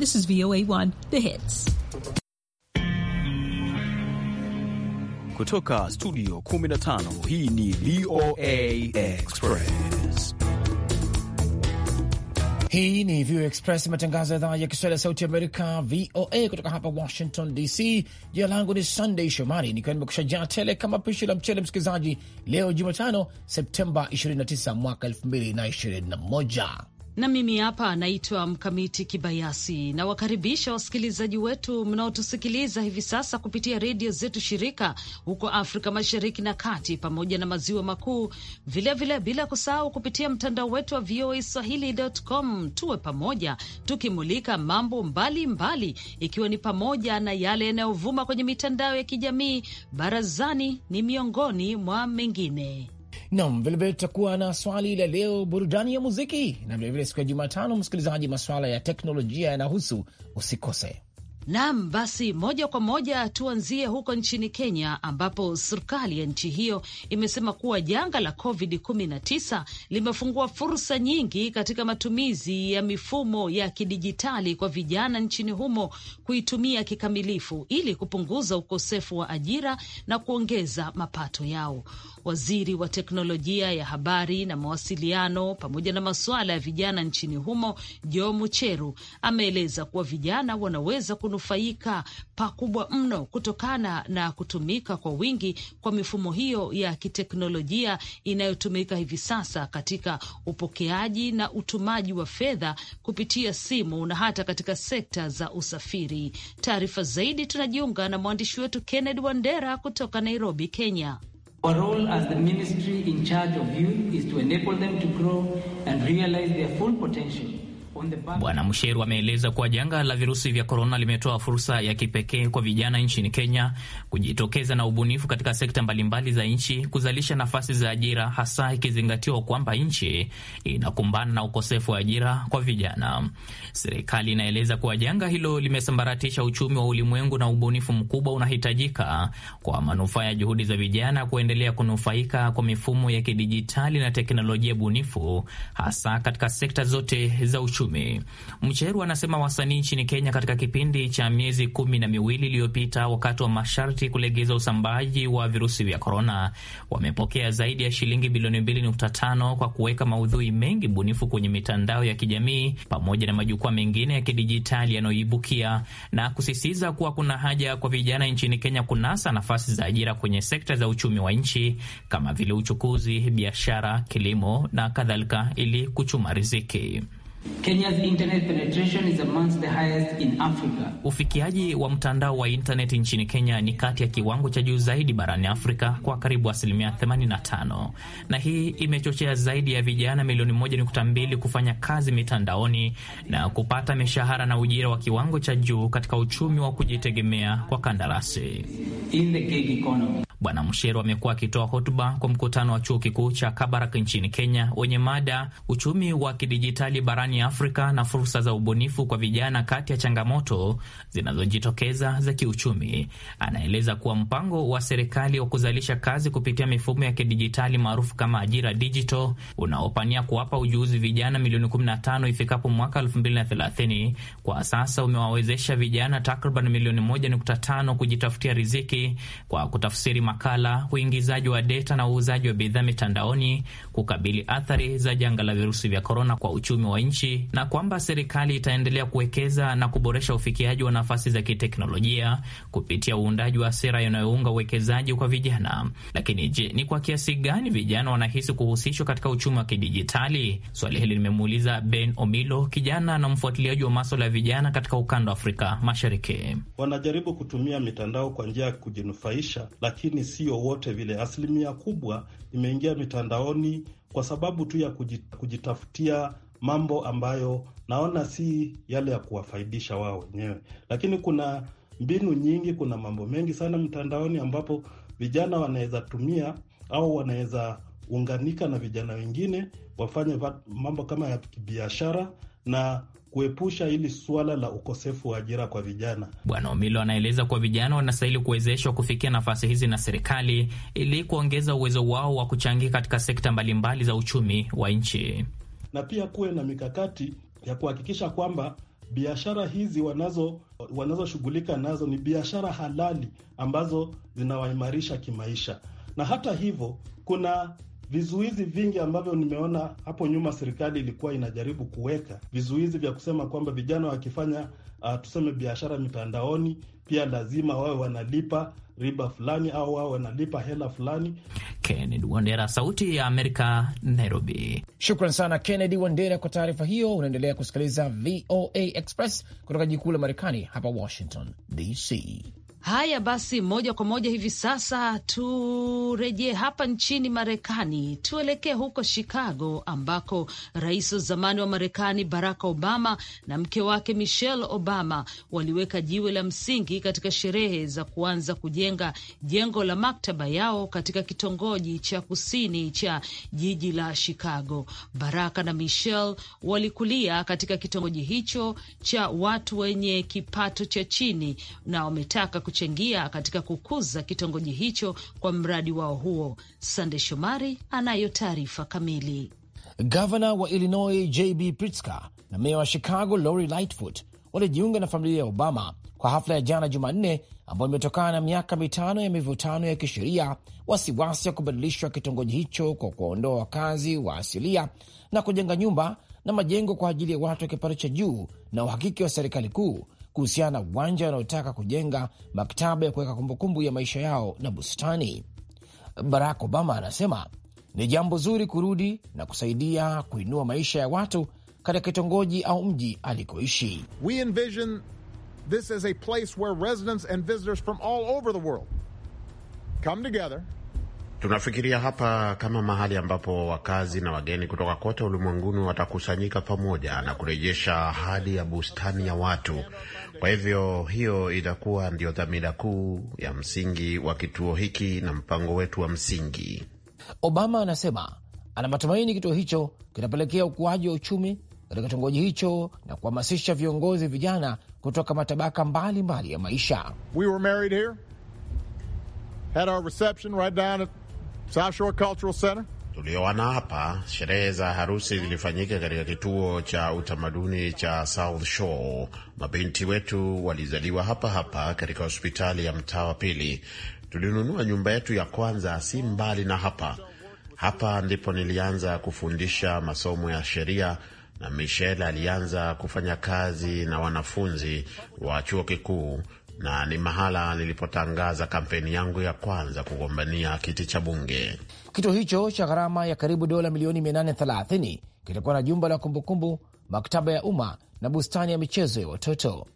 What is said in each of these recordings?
This is VOA1, The Hits. Kutoka studio 15 hii ni VOA Express. Hii ni VOA Express, matangazo ya idhaa ya Kiswahili ya sauti Amerika, VOA kutoka hapa Washington DC. Jina langu ni Sunday Shomari, nikiwa nimekusha tele kama pishi la mchele. Msikilizaji, leo Jumatano Septemba 29 mwaka 2021 na mimi hapa naitwa Mkamiti Kibayasi. Nawakaribisha wasikilizaji wetu mnaotusikiliza hivi sasa kupitia redio zetu shirika huko Afrika Mashariki na Kati pamoja na Maziwa Makuu, vilevile bila kusahau kupitia mtandao wetu wa VOA Swahili.com. Tuwe pamoja tukimulika mambo mbalimbali, ikiwa ni pamoja na yale yanayovuma kwenye mitandao ya kijamii. Barazani ni miongoni mwa mengine. Nam, vilevile tutakuwa na swali la leo, burudani ya muziki, na vilevile siku ya Jumatano, msikilizaji, masuala ya teknolojia yanahusu, usikose. Nam, basi moja kwa moja tuanzie huko nchini Kenya, ambapo serikali ya nchi hiyo imesema kuwa janga la COVID-19 limefungua fursa nyingi katika matumizi ya mifumo ya kidijitali kwa vijana nchini humo kuitumia kikamilifu ili kupunguza ukosefu wa ajira na kuongeza mapato yao waziri wa teknolojia ya habari na mawasiliano pamoja na masuala ya vijana nchini humo jo Mucheru ameeleza kuwa vijana wanaweza kunufaika pakubwa mno kutokana na kutumika kwa wingi kwa mifumo hiyo ya kiteknolojia inayotumika hivi sasa katika upokeaji na utumaji wa fedha kupitia simu na hata katika sekta za usafiri. Taarifa zaidi tunajiunga na mwandishi wetu kenned Wandera kutoka Nairobi, Kenya. Our role as the ministry in charge of youth is to enable them to grow and realize their full potential Bwana Msheru ameeleza kuwa janga la virusi vya korona limetoa fursa ya kipekee kwa vijana nchini Kenya kujitokeza na ubunifu katika sekta mbalimbali za nchi, kuzalisha nafasi za ajira, hasa ikizingatiwa kwamba nchi inakumbana na ukosefu wa ajira kwa vijana. Serikali inaeleza kuwa janga hilo limesambaratisha uchumi wa ulimwengu na ubunifu mkubwa unahitajika kwa manufaa ya juhudi za vijana kuendelea kunufaika kwa mifumo ya kidijitali na teknolojia bunifu, hasa katika sekta zote za uchumi kiuchumi. Mcheru anasema wasanii nchini Kenya katika kipindi cha miezi kumi na miwili iliyopita, wakati wa masharti kulegeza usambaaji wa virusi vya korona, wamepokea zaidi ya shilingi bilioni 2.5 kwa kuweka maudhui mengi bunifu kwenye mitandao ya kijamii pamoja na majukwaa mengine ya kidijitali yanayoibukia, na kusisitiza kuwa kuna haja kwa vijana nchini Kenya kunasa nafasi za ajira kwenye sekta za uchumi wa nchi kama vile uchukuzi, biashara, kilimo na kadhalika, ili kuchuma riziki. Ufikiaji wa mtandao wa intaneti nchini Kenya ni kati ya kiwango cha juu zaidi barani Afrika kwa karibu asilimia 85, na hii imechochea zaidi ya vijana milioni 1.2 kufanya kazi mitandaoni na kupata mishahara na ujira wa kiwango cha juu katika uchumi wa kujitegemea kwa kandarasi. In the gig economy. Bwana Mshero amekuwa akitoa hotuba kwa mkutano wa chuo kikuu cha Kabarak nchini Kenya wenye mada uchumi wa kidijitali barani Afrika na fursa za ubunifu kwa vijana kati ya changamoto zinazojitokeza za kiuchumi. Anaeleza kuwa mpango wa serikali wa kuzalisha kazi kupitia mifumo ya kidijitali maarufu kama ajira digital unaopania kuwapa ujuzi vijana milioni 15 ifikapo mwaka 2030 kwa sasa umewawezesha vijana takriban milioni 1.5 kujitafutia riziki kwa kutafsiri makala, uingizaji wa deta na uuzaji wa bidhaa mitandaoni kukabili athari za janga la virusi vya korona kwa uchumi wa nchi na kwamba serikali itaendelea kuwekeza na kuboresha ufikiaji wa nafasi za kiteknolojia kupitia uundaji wa sera inayounga uwekezaji kwa vijana. Lakini je, ni kwa kiasi gani vijana wanahisi kuhusishwa katika uchumi wa kidijitali? Swali hili limemuuliza Ben Omilo, kijana na mfuatiliaji wa maswala ya vijana katika ukanda wa Afrika Mashariki. Wanajaribu kutumia mitandao kwa njia ya kujinufaisha, lakini lakini sio wote vile. Asilimia kubwa imeingia mitandaoni kwa sababu tu ya kujitafutia mambo ambayo naona si yale ya kuwafaidisha wao wenyewe, lakini kuna mbinu nyingi, kuna mambo mengi sana mtandaoni ambapo vijana wanaweza tumia au wanaweza unganika na vijana wengine wafanye mambo kama ya kibiashara na kuepusha hili suala la ukosefu wa ajira kwa vijana. Bwana Omilo anaeleza kuwa vijana wanastahili kuwezeshwa kufikia nafasi hizi na serikali ili kuongeza uwezo wao wa kuchangia katika sekta mbalimbali za uchumi wa nchi, na pia kuwe na mikakati ya kuhakikisha kwamba biashara hizi wanazo wanazoshughulika nazo ni biashara halali ambazo zinawaimarisha kimaisha. Na hata hivyo kuna vizuizi vingi ambavyo nimeona hapo nyuma serikali ilikuwa inajaribu kuweka vizuizi vya kusema kwamba vijana wakifanya uh, tuseme biashara mitandaoni pia lazima wawe wanalipa riba fulani au wawe wanalipa hela fulani. Kennedy Wandera, Sauti ya Amerika, Nairobi. Shukran sana Kennedy Wandera kwa taarifa hiyo. Unaendelea kusikiliza VOA Express kutoka jikuu la Marekani hapa Washington DC. Haya basi, moja kwa moja hivi sasa turejee hapa nchini Marekani, tuelekee huko Chicago ambako rais wa zamani wa Marekani Barack Obama na mke wake Michelle Obama waliweka jiwe la msingi katika sherehe za kuanza kujenga jengo la maktaba yao katika kitongoji cha kusini cha jiji la Chicago. Baraka na Michelle walikulia katika kitongoji hicho cha watu wenye kipato cha chini na wametaka kuchangia katika kukuza kitongoji hicho kwa mradi wao huo. Sande Shomari anayo taarifa kamili. Gavana wa Illinois JB Pritzker na meya wa Chicago Lori Lightfoot walijiunga na familia ya Obama kwa hafla ya jana Jumanne, ambayo imetokana na miaka mitano ya mivutano ya kisheria, wasiwasi wa kubadilishwa kitongoji hicho kwa kuwaondoa wakazi wa asilia na kujenga nyumba na majengo kwa ajili ya watu wa kipato cha juu na uhakiki wa serikali kuu kuhusiana na uwanja wanaotaka kujenga, maktaba ya kuweka kumbukumbu ya maisha yao na bustani. Barack Obama anasema ni jambo zuri kurudi na kusaidia kuinua maisha ya watu katika kitongoji au mji alikoishi. We envision this as a place where residents and visitors from all over the world come together Tunafikiria hapa kama mahali ambapo wakazi na wageni kutoka kote ulimwenguni watakusanyika pamoja na kurejesha hali ya bustani ya watu. Kwa hivyo hiyo itakuwa ndio dhamira kuu ya msingi wa kituo hiki na mpango wetu wa msingi. Obama anasema ana matumaini kituo hicho kinapelekea ukuaji wa uchumi katika kitongoji hicho na kuhamasisha viongozi vijana kutoka matabaka mbalimbali mbali ya maisha. We were married here. Had our reception right down at South Shore Cultural Center tulioana hapa. Sherehe za harusi zilifanyika katika kituo cha utamaduni cha South Shore. Mabinti wetu walizaliwa hapa hapa katika hospitali ya mtaa wa pili. Tulinunua nyumba yetu ya kwanza si mbali na hapa. Hapa ndipo nilianza kufundisha masomo ya sheria na Michelle alianza kufanya kazi na wanafunzi wa chuo kikuu na ni mahala nilipotangaza kampeni yangu ya kwanza kugombania kiti cha bunge. Kituo hicho cha gharama ya karibu dola milioni 830 kitakuwa na jumba la kumbukumbu, maktaba ya umma na bustani ya michezo ya watoto.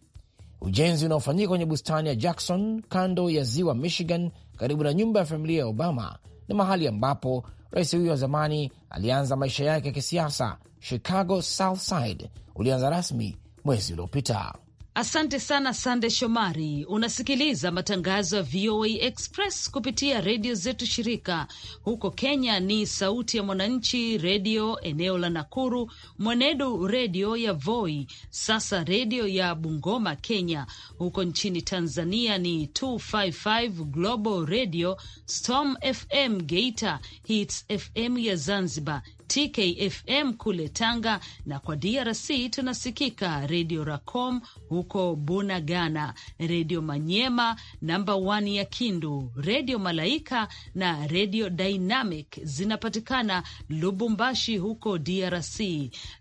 Ujenzi unaofanyika kwenye bustani ya Jackson kando ya ziwa Michigan, karibu na nyumba ya familia ya Obama na mahali ambapo rais huyo wa zamani alianza maisha yake ya kisiasa, Chicago South Side, ulianza rasmi mwezi uliopita. Asante sana Sande Shomari. Unasikiliza matangazo ya VOA Express kupitia redio zetu shirika. Huko Kenya ni Sauti ya Mwananchi Redio eneo la Nakuru, Mwenedu Redio ya Voi, Sasa Redio ya Bungoma Kenya. Huko nchini Tanzania ni 255 Global Radio, Storm FM Geita, Hits FM ya Zanzibar, TKFM kule Tanga, na kwa DRC tunasikika redio Racom huko Bunagana, redio Manyema namba 1 ya Kindu, redio Malaika na redio Dynamic zinapatikana Lubumbashi huko DRC,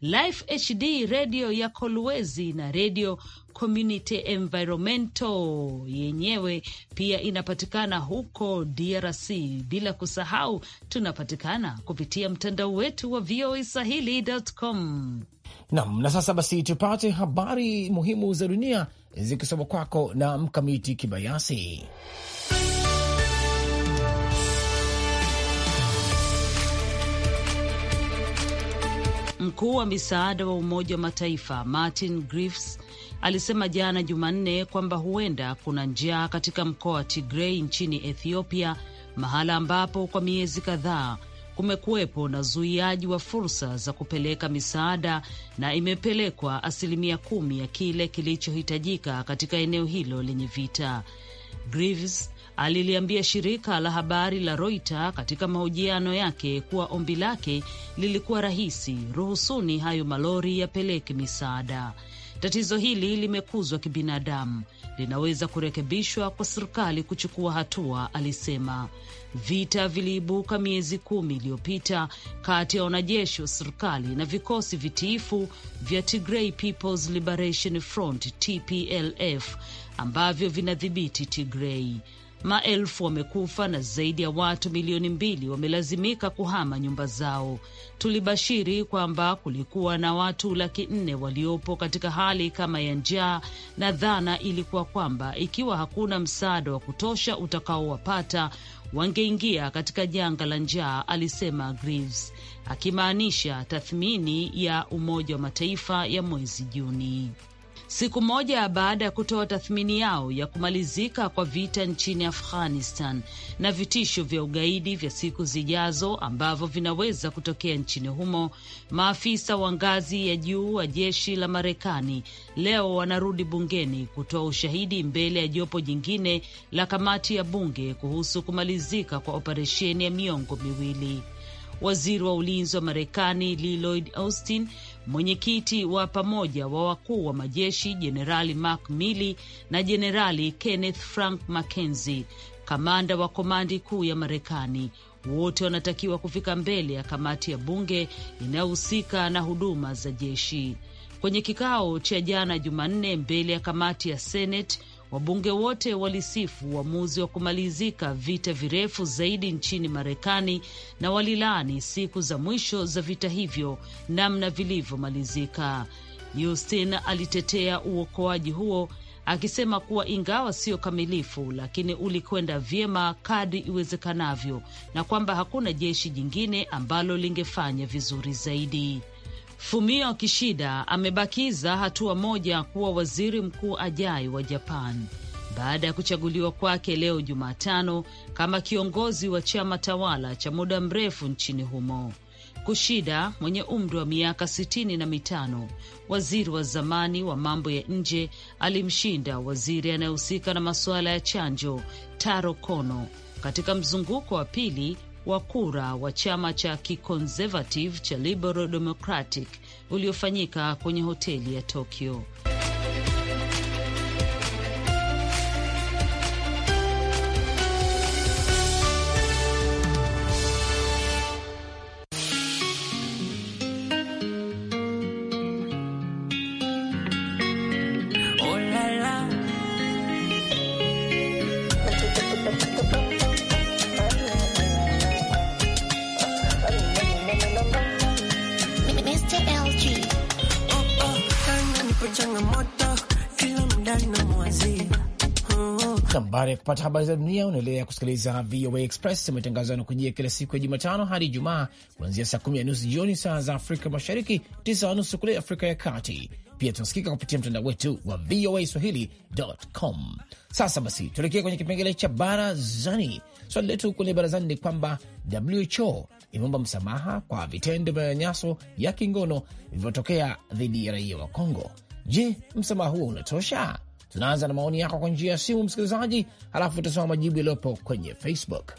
Life HD redio ya Kolwezi na redio Community Environmental yenyewe pia inapatikana huko DRC, bila kusahau tunapatikana kupitia mtandao wetu wa VOA Swahili.com. Nam, na sasa basi tupate habari muhimu za dunia zikisoma kwako na Mkamiti Kibayasi. Mkuu wa misaada wa Umoja wa Mataifa Martin Griffiths alisema jana Jumanne kwamba huenda kuna njaa katika mkoa wa Tigrei nchini Ethiopia, mahala ambapo kwa miezi kadhaa kumekuwepo na zuiaji wa fursa za kupeleka misaada na imepelekwa asilimia kumi ya kile kilichohitajika katika eneo hilo lenye vita. Grives aliliambia shirika la habari la Reuters katika mahojiano yake kuwa ombi lake lilikuwa rahisi: ruhusuni hayo malori yapeleke misaada. Tatizo hili limekuzwa kibinadamu, linaweza kurekebishwa kwa serikali kuchukua hatua, alisema. Vita viliibuka miezi kumi iliyopita kati ya wanajeshi wa serikali na vikosi vitiifu vya Tigray People's Liberation Front TPLF ambavyo vinadhibiti Tigray. Maelfu wamekufa na zaidi ya watu milioni mbili wamelazimika kuhama nyumba zao. Tulibashiri kwamba kulikuwa na watu laki nne waliopo katika hali kama ya njaa, na dhana ilikuwa kwamba ikiwa hakuna msaada wa kutosha utakaowapata wangeingia katika janga la njaa, alisema grves akimaanisha tathmini ya Umoja wa Mataifa ya mwezi Juni siku moja baada ya kutoa tathmini yao ya kumalizika kwa vita nchini Afghanistan na vitisho vya ugaidi vya siku zijazo ambavyo vinaweza kutokea nchini humo, maafisa wa ngazi ya juu wa jeshi la Marekani leo wanarudi bungeni kutoa ushahidi mbele ya jopo jingine la kamati ya bunge kuhusu kumalizika kwa operesheni ya miongo miwili. Waziri wa ulinzi wa Marekani Lloyd Austin Mwenyekiti wa pamoja wa wakuu wa majeshi Jenerali Mark Milley na Jenerali Kenneth Frank McKenzie, kamanda wa komandi kuu ya Marekani, wote wanatakiwa kufika mbele ya kamati ya bunge inayohusika na huduma za jeshi. Kwenye kikao cha jana Jumanne mbele ya kamati ya Senate Wabunge wote walisifu uamuzi wa kumalizika vita virefu zaidi nchini Marekani na walilaani siku za mwisho za vita hivyo namna vilivyomalizika. yustin alitetea uokoaji huo akisema kuwa ingawa sio kamilifu, lakini ulikwenda vyema kadri iwezekanavyo na kwamba hakuna jeshi jingine ambalo lingefanya vizuri zaidi. Fumio Kishida amebakiza hatua moja kuwa waziri mkuu ajai wa Japan baada ya kuchaguliwa kwake leo Jumatano kama kiongozi wa chama tawala cha muda mrefu nchini humo. Kushida mwenye umri wa miaka sitini na mitano, waziri wa zamani wa mambo ya nje, alimshinda waziri anayehusika na masuala ya chanjo Taro Kono katika mzunguko wa pili wa kura wa chama cha kiconservative cha Liberal Democratic uliofanyika kwenye hoteli ya Tokyo. Kupata habari za dunia, unaendelea kusikiliza VOA Express. Matangazo yanakujia kila siku ya Jumatano hadi Ijumaa, kuanzia saa kumi na nusu jioni saa za Afrika Mashariki, tisa na nusu kule Afrika ya Kati. Pia tunasikika kupitia mtandao wetu wa VOA Swahili.com. Sasa basi, tuelekee kwenye kipengele cha barazani. Swali letu kwenye barazani ni kwamba WHO imeomba msamaha kwa vitendo vya manyanyaso ya kingono vilivyotokea dhidi ya raia wa Kongo. Je, msamaha huo unatosha? Tunaanza na maoni yako kwa njia ya simu, msikilizaji, halafu utasoma majibu yaliyopo kwenye Facebook.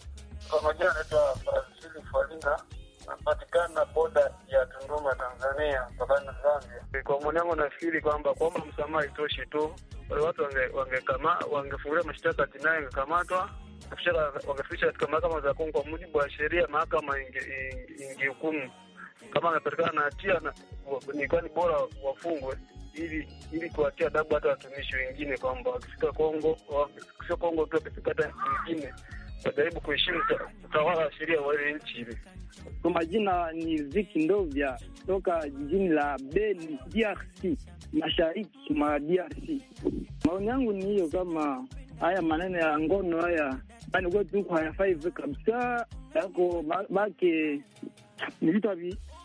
Pamoja anaitwa Fransili Falinga, napatikana boda ya Tunduma, Tanzania, mpakani na Zambia. Kwa maoni yangu nafikiri kwamba kuomba msamaha haitoshi tu, watu wangefungulia mashtaka jinai, angekamatwa wangefikisha katika mahakama za Kongo. Kwa mujibu wa sheria, mahakama ingehukumu kama amepatikana na hatia, ni kwani bora wafungwe ili ili kuwatia adabu hata watumishi wengine kwamba wakifika Kongo, wakifika Kongo tu wakifika hata nchi nyingine wajaribu kuheshimu utawala wa sheria wa ile nchi ile. Kwa majina ni Ziki Ndovya toka jijini la Beni, DRC, mashariki mwa DRC. Maoni yangu ni hiyo, kama haya maneno ya ngono haya yani kwetu huko hayafai kabisa, yako bake ni vitu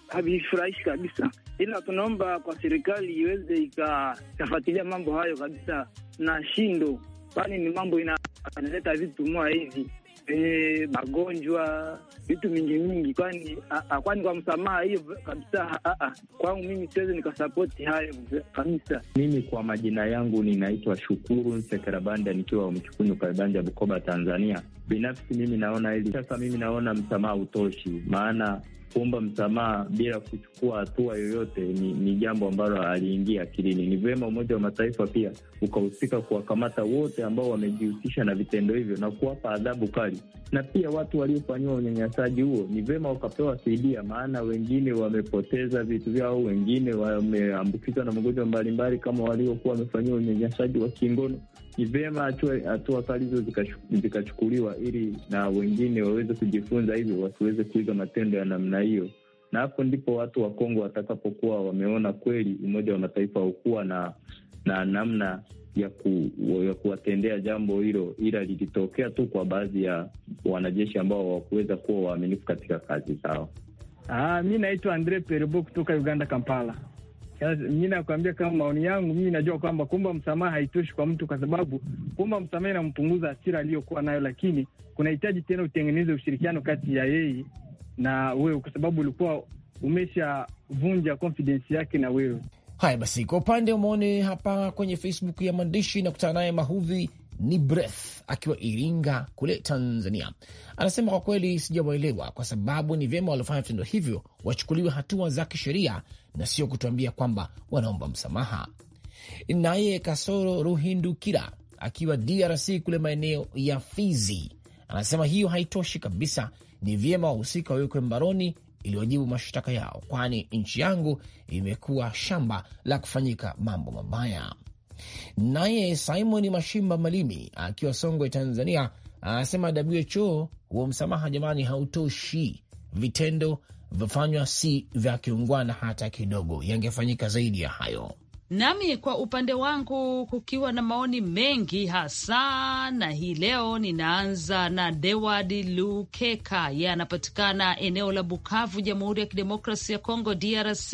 havifurahishi kabisa, ila tunaomba kwa serikali iweze ikafuatilia mambo hayo kabisa na shindo, kwani ni mambo inaleta vitu moa hivi venye eh, magonjwa vitu mingi mingi, kwani kwani kwa msamaha hiyo kabisa. Kwangu mimi siwezi nikasapoti hayo kabisa. Mimi kwa majina yangu ninaitwa Shukuru Nsekerabanda, nikiwa Mchukuni Kaibanja, Bukoba, Tanzania. Binafsi mimi naona hili sasa, mimi naona msamaha utoshi, maana kuomba msamaha bila kuchukua hatua yoyote ni, ni jambo ambalo aliingia akilini. Ni vyema Umoja wa Mataifa pia ukahusika kuwakamata wote ambao wamejihusisha na vitendo hivyo na kuwapa adhabu kali, na pia watu waliofanyiwa unyanyasaji huo ni vyema wakapewa fidia, maana wengine wamepoteza vitu vyao, wengine wameambukizwa na magonjwa mbalimbali kama waliokuwa wamefanyiwa unyanyasaji wa kingono ni vyema hatua kali hizo zikachukuliwa, ili na wengine waweze kujifunza hivyo, wasiweze kuiga matendo ya namna hiyo, na hapo ndipo watu wa Kongo watakapokuwa wameona kweli Umoja wa Mataifa haukuwa na na namna ya, ku, ya kuwatendea jambo hilo, ila lilitokea tu kwa baadhi ya wanajeshi ambao hawakuweza kuwa waaminifu katika kazi zao. Ah, mi naitwa Andre Perebo kutoka Uganda, Kampala mi nakwambia kama maoni yangu, mimi najua kwamba kumba msamaha haitoshi kwa mtu, kwa sababu kumba msamaha inampunguza hasira aliyokuwa nayo, lakini kunahitaji tena utengeneze ushirikiano kati ya yeye na wewe, kwa sababu ulikuwa umeshavunja konfidensi yake na wewe. Haya basi, kwa upande umeone hapa kwenye Facebook ya mwandishi na kutana naye Mahudhi ni breth akiwa Iringa kule Tanzania, anasema kwa kweli sijawaelewa, kwa sababu ni vyema waliofanya vitendo hivyo wachukuliwe hatua za kisheria na sio kutuambia kwamba wanaomba msamaha. Naye Kasoro Ruhindukira akiwa DRC kule maeneo ya Fizi anasema hiyo haitoshi kabisa, ni vyema wahusika wawekwe mbaroni ili wajibu mashtaka yao, kwani nchi yangu imekuwa shamba la kufanyika mambo mabaya. Naye Simon Mashimba Malimi akiwa Songwe, Tanzania, anasema WHO huo msamaha jamani, hautoshi. Vitendo vyofanywa si vya kiungwana hata kidogo, yangefanyika zaidi ya hayo. Nami kwa upande wangu kukiwa na maoni mengi hasa, na hii leo ninaanza na dewad Lukeka, yeye anapatikana eneo la Bukavu, Jamhuri ya Kidemokrasi ya Kongo, DRC.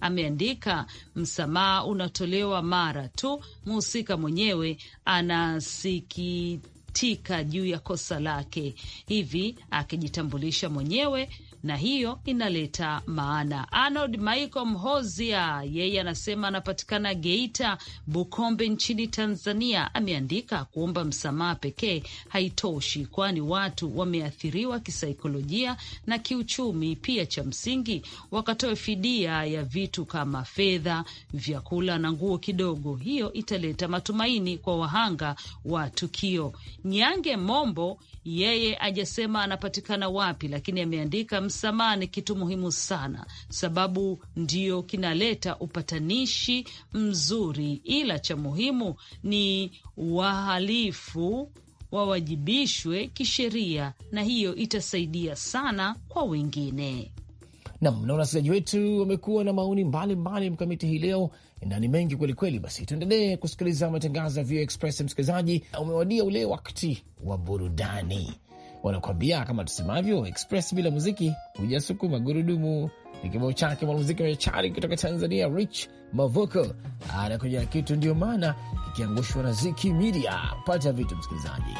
Ameandika, msamaha unatolewa mara tu mhusika mwenyewe anasiki tika juu ya kosa lake hivi akijitambulisha mwenyewe na hiyo inaleta maana. Arnold Michael Mhozia yeye anasema anapatikana Geita Bukombe nchini Tanzania, ameandika kuomba msamaha pekee haitoshi, kwani watu wameathiriwa kisaikolojia na kiuchumi pia. Cha msingi wakatoe fidia ya vitu kama fedha, vyakula na nguo kidogo, hiyo italeta matumaini kwa wahanga wa tukio. Nyange Mombo yeye ajasema anapatikana wapi, lakini ameandika msamaha ni kitu muhimu sana, sababu ndio kinaleta upatanishi mzuri, ila cha muhimu ni wahalifu wawajibishwe kisheria, na hiyo itasaidia sana kwa wengine. Nam na wanasikilizaji wetu wamekuwa na maoni mbalimbali mkamiti hii leo ni mengi kwelikweli. Basi tuendelee kusikiliza matangazo ya VOA Express. Msikilizaji, umewadia ule wakati wa burudani wanakuambia kama tusemavyo express bila muziki hujasukuma gurudumu. Ni kibao chake mwanamuziki machari kutoka Tanzania, Rich Mavoko anakuja na kitu, ndio maana kikiangushwa na Ziki Media. Pata vitu msikilizaji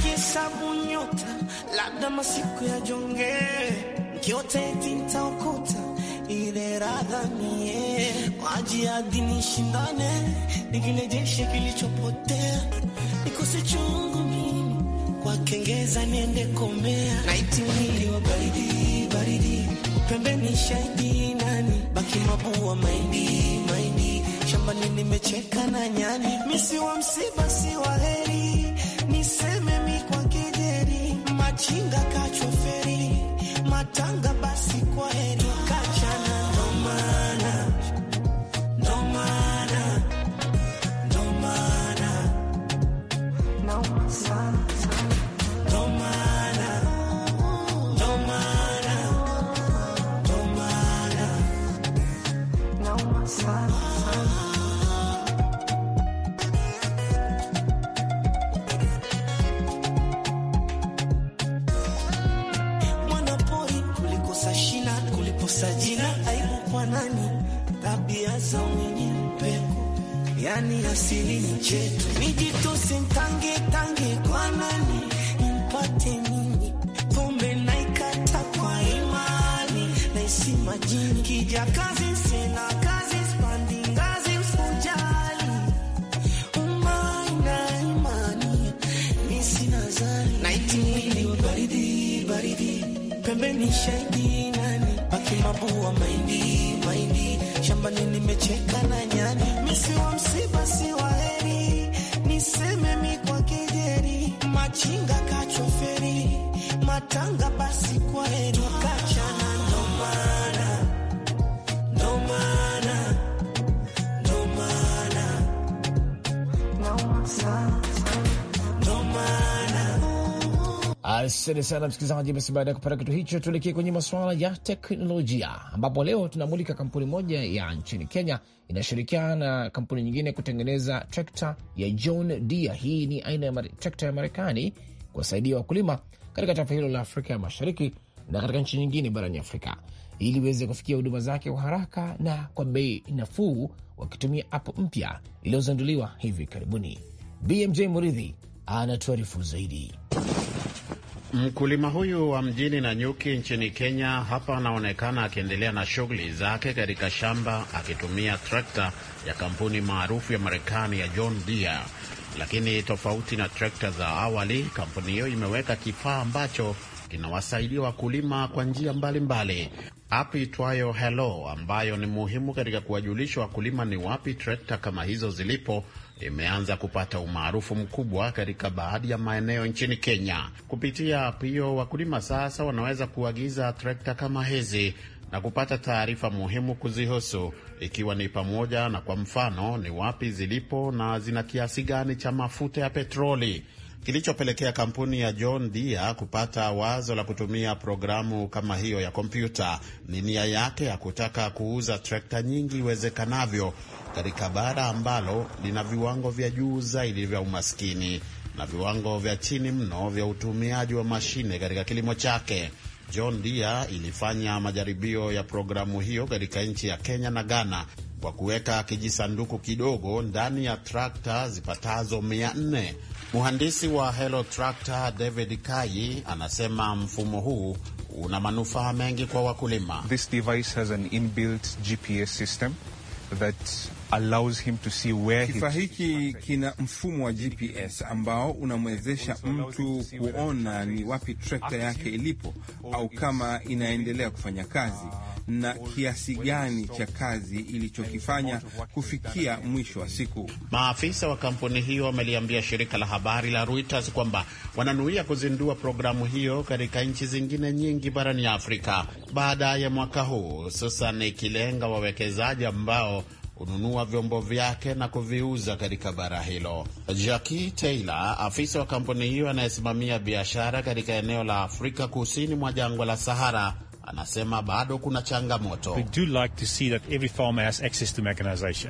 nkihesabu nyota labda masiku ya jonge mkiota eti nitaokota ile radha mie maji ya dini shindane nikirejeshe kilichopotea nikose chungu mimi kwa kengeza niende komea naiti mwili wa baridi baridi upembeni shahidi nani baki mabua maindi maindi shambani nimecheka na nyani misi wa msiba si wa heri machinga kachoferi matanga yani asili ni chetu, nijitose tange tange kwa nani nipate mimi pombe naikata kwa imani na isima jingi kija kazi sina kazi spandi ngazi umai na imani nisina baridi baridi pembeni shaidi nani akimabua maindi maindi shambani nimecheka nani Mwepesi wa msiba si waheri, niseme mi kwa kejeri, machinga kachoferi, matanga basi kwa heri, kachana Asante sana msikilizaji. Basi baada ya kupata kitu hicho, tuelekee kwenye masuala ya teknolojia, ambapo leo tunamulika kampuni moja ya nchini Kenya inashirikiana na kampuni nyingine kutengeneza trekta ya John Deere. Hii ni aina ya trekta ya Marekani kuwasaidia wakulima katika taifa hilo la Afrika ya Mashariki na katika nchi nyingine barani Afrika ili iweze kufikia huduma zake kwa haraka na kwa bei nafuu, wakitumia app mpya iliyozinduliwa hivi karibuni. BMJ Muridhi anatuarifu zaidi. Mkulima huyu wa mjini Nanyuki nchini Kenya hapa anaonekana akiendelea na shughuli zake katika shamba akitumia trekta ya kampuni maarufu ya Marekani ya John Deere. Lakini tofauti na trekta za awali, kampuni hiyo imeweka kifaa ambacho kinawasaidia wakulima kwa njia mbalimbali, app itwayo Hello ambayo ni muhimu katika kuwajulisha wakulima ni wapi trekta kama hizo zilipo imeanza kupata umaarufu mkubwa katika baadhi ya maeneo nchini Kenya. Kupitia app hiyo, wakulima sasa wanaweza kuagiza trekta kama hizi na kupata taarifa muhimu kuzihusu, ikiwa ni pamoja na kwa mfano ni wapi zilipo na zina kiasi gani cha mafuta ya petroli kilichopelekea kampuni ya John Deere kupata wazo la kutumia programu kama hiyo ya kompyuta ni nia yake ya kutaka kuuza trekta nyingi iwezekanavyo katika bara ambalo lina viwango vya juu zaidi vya umaskini na viwango vya chini mno vya utumiaji wa mashine katika kilimo chake. John Deere ilifanya majaribio ya programu hiyo katika nchi ya Kenya na Ghana kwa kuweka kijisanduku kidogo ndani ya trakta zipatazo mia nne Mhandisi wa Hello Tractor David Kayi anasema mfumo huu una manufaa mengi kwa wakulima. This device has an inbuilt GPS system that Kifaa hiki kina mfumo wa GPS ambao unamwezesha mtu kuona ni wapi trekta yake ilipo au kama inaendelea kufanya uh, kazi na kiasi gani cha kazi ilichokifanya kufikia mwisho wa siku. Maafisa wa kampuni hiyo wameliambia shirika la habari la Reuters kwamba wananuia kuzindua programu hiyo katika nchi zingine nyingi barani Afrika baada ya mwaka huu, hususan ikilenga wawekezaji ambao kununua vyombo vyake na kuviuza katika bara hilo. Jackie Taylor, afisa wa kampuni hiyo anayesimamia biashara katika eneo la Afrika kusini mwa jangwa la Sahara, anasema bado kuna changamoto. Like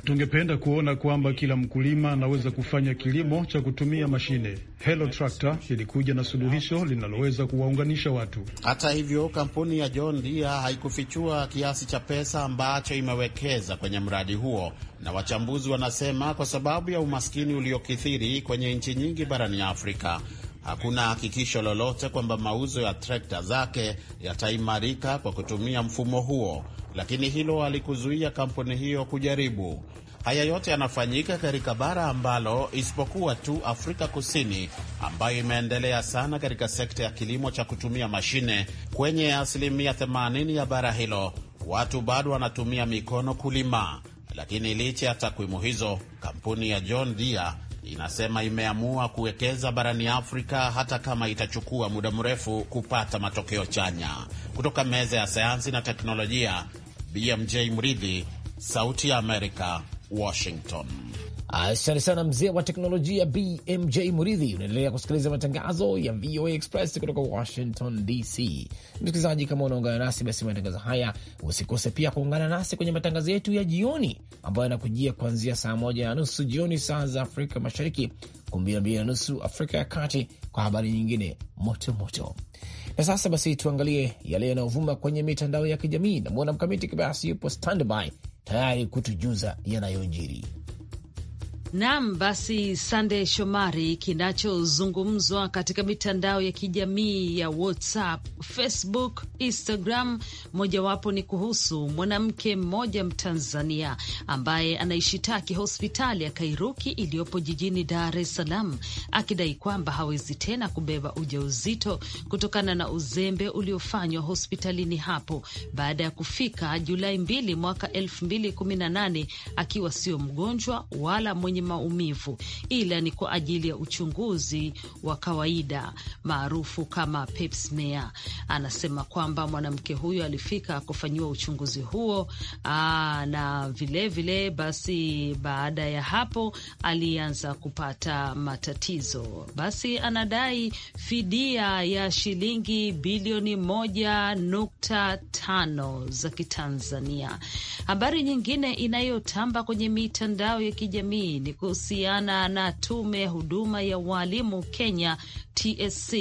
tungependa kuona kwamba kila mkulima anaweza kufanya kilimo cha kutumia mashine. Hello Tractor ilikuja na suluhisho linaloweza kuwaunganisha watu. Hata hivyo, kampuni ya John Deere haikufichua kiasi cha pesa ambacho imewekeza kwenye mradi huo, na wachambuzi wanasema kwa sababu ya umaskini uliokithiri kwenye nchi nyingi barani Afrika hakuna hakikisho lolote kwamba mauzo ya trekta zake yataimarika kwa kutumia mfumo huo, lakini hilo alikuzuia kampuni hiyo kujaribu. Haya yote yanafanyika katika bara ambalo isipokuwa tu Afrika Kusini ambayo imeendelea sana katika sekta ya kilimo cha kutumia mashine. Kwenye asilimia 80 ya bara hilo watu bado wanatumia mikono kulima, lakini licha ya takwimu hizo, kampuni ya John Deere inasema imeamua kuwekeza barani Afrika hata kama itachukua muda mrefu kupata matokeo chanya. Kutoka meza ya sayansi na teknolojia, BMJ Mridhi, Sauti ya Amerika, Washington. Asante sana mzee wa teknolojia BMJ Muridhi. Unaendelea kusikiliza matangazo ya VOA Express kutoka Washington DC. Msikilizaji, kama unaungana nasi, basi matangazo haya usikose pia kuungana nasi kwenye matangazo yetu ya jioni ambayo yanakujia kuanzia saa moja na nusu jioni saa za Afrika Mashariki, kumi na mbili na nusu Afrika ya Kati, kwa habari nyingine moto moto. Na sasa basi tuangalie yale yanayovuma kwenye mitandao ya kijamii. Namwona Mkamiti Kibayasi yupo standby tayari kutujuza yanayojiri. Naam, basi Sande Shomari, kinachozungumzwa katika mitandao ya kijamii ya WhatsApp, Facebook, Instagram, mojawapo ni kuhusu mwanamke mmoja Mtanzania ambaye anaishitaki hospitali ya Kairuki iliyopo jijini Dar es Salaam akidai kwamba hawezi tena kubeba ujauzito kutokana na uzembe uliofanywa hospitalini hapo baada ya kufika Julai 2 mwaka 2018 akiwa sio mgonjwa wala mwenye maumivu, ila ni kwa ajili ya uchunguzi wa kawaida maarufu kama pap smear. Anasema kwamba mwanamke huyo alifika kufanyiwa uchunguzi huo aa, na vilevile vile, basi baada ya hapo alianza kupata matatizo. Basi anadai fidia ya shilingi bilioni moja nukta tano za Kitanzania. Habari nyingine inayotamba kwenye mitandao ya kijamii ni kuhusiana na tume ya huduma ya walimu Kenya TSC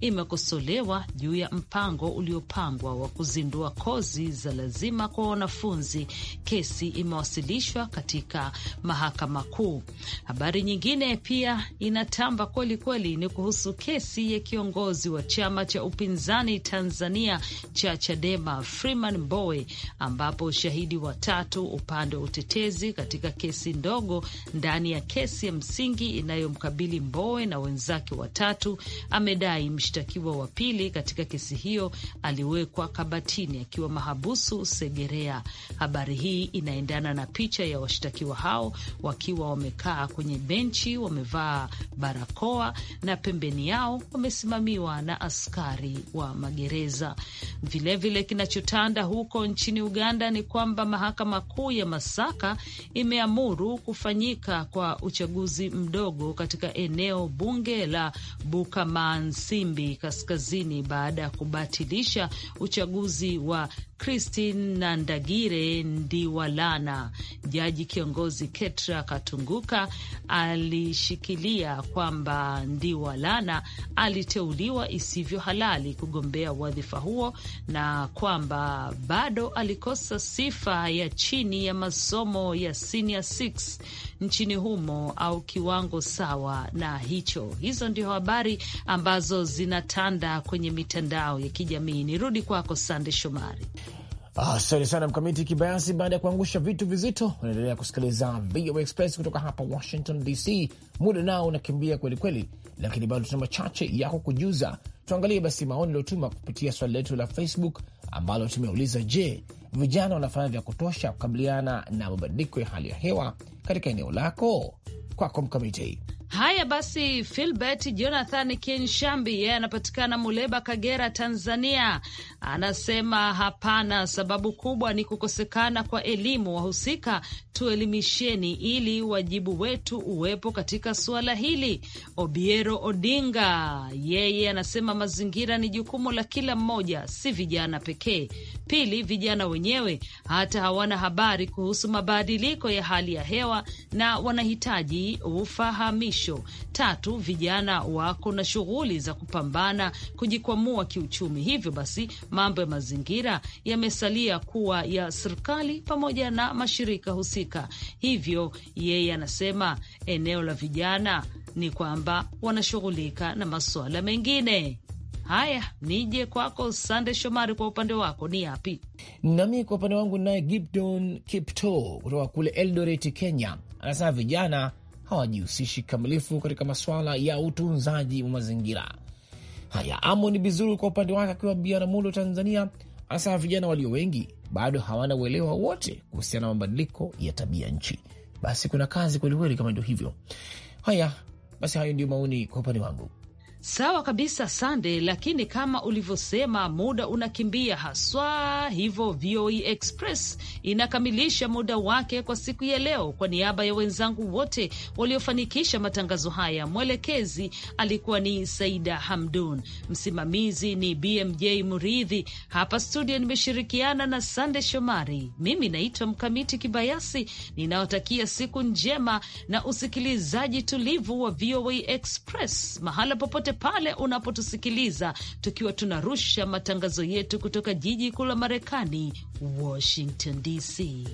imekosolewa juu ya mpango uliopangwa wa kuzindua kozi za lazima kwa wanafunzi. Kesi imewasilishwa katika mahakama kuu. Habari nyingine pia inatamba kweli kweli ni kuhusu kesi ya kiongozi wa chama cha upinzani Tanzania cha Chadema Freeman Mbowe, ambapo ushahidi watatu upande wa utetezi katika kesi ndogo nda ndani ya kesi ya msingi inayomkabili Mbowe na wenzake watatu, amedai mshtakiwa wa pili katika kesi hiyo aliwekwa kabatini akiwa mahabusu Segerea. Habari hii inaendana na picha ya washtakiwa hao wakiwa wamekaa kwenye benchi, wamevaa barakoa na pembeni yao wamesimamiwa na askari wa magereza. Vilevile, kinachotanda huko nchini Uganda ni kwamba mahakama kuu ya Masaka imeamuru kufanyika kufanyika kwa uchaguzi mdogo katika eneo bunge la Bukamansimbi kaskazini baada ya kubatilisha uchaguzi wa Christine Nandagire Ndiwalana. Jaji kiongozi Ketra Katunguka alishikilia kwamba Ndiwalana aliteuliwa isivyo halali kugombea wadhifa huo na kwamba bado alikosa sifa ya chini ya masomo ya senior 6 nchi nchini humo au kiwango sawa na hicho. Hizo ndio habari ambazo zinatanda kwenye mitandao ya kijamii. Nirudi kwako Sande Shomari. Asante ah, sana Mkamiti Kibayasi. Baada ya kuangusha vitu vizito, unaendelea kusikiliza VOA Express kutoka hapa Washington DC. Muda nao unakimbia kwelikweli, lakini bado tuna machache yako kujuza. Tuangalie basi maoni aliotuma kupitia swali letu la Facebook ambalo tumeuliza, je, vijana wanafanya vya kutosha kukabiliana na mabadiliko ya hali ya hewa katika eneo lako? Kwako Mkamiti. Haya basi, Filbert Jonathan Kinshambi yeye yeah, anapatikana Muleba, Kagera, Tanzania, anasema hapana, sababu kubwa ni kukosekana kwa elimu. Wahusika tuelimisheni, ili wajibu wetu uwepo katika suala hili. Obiero Odinga yeye yeah, anasema mazingira ni jukumu la kila mmoja, si vijana pekee. Pili, vijana wenyewe hata hawana habari kuhusu mabadiliko ya hali ya hewa na wanahitaji ufahamishi kesho. Tatu, vijana wako na shughuli za kupambana kujikwamua kiuchumi, hivyo basi mambo ya mazingira yamesalia kuwa ya serikali pamoja na mashirika husika. Hivyo yeye anasema eneo la vijana ni kwamba wanashughulika na masuala mengine. Haya, nije kwako Sande Shomari, kwa upande wako ni yapi? Nami kwa upande wangu, naye Gibdon Kipto kutoka kule Eldoret, Kenya, anasema vijana hawajihusishi kikamilifu katika masuala ya utunzaji wa mazingira. Haya, ni Bizuru kwa upande wake akiwa Biaramulo, Tanzania, hasa vijana walio wengi bado hawana uelewa wote kuhusiana na mabadiliko ya tabia nchi. Basi kuna kazi kwelikweli, kama ndio hivyo. Haya basi, hayo ndio maoni kwa upande wangu. Sawa kabisa Sande, lakini kama ulivyosema, muda unakimbia haswa. Hivyo VOA e Express inakamilisha muda wake kwa siku ya leo. Kwa niaba ya wenzangu wote waliofanikisha matangazo haya, mwelekezi alikuwa ni Saida Hamdun, msimamizi ni BMJ Muridhi. Hapa studio nimeshirikiana na Sande Shomari. Mimi naitwa Mkamiti Kibayasi, ninaotakia siku njema na usikilizaji tulivu wa VOA e Express mahala popote pale unapotusikiliza tukiwa tunarusha matangazo yetu kutoka jiji kuu la Marekani, Washington DC.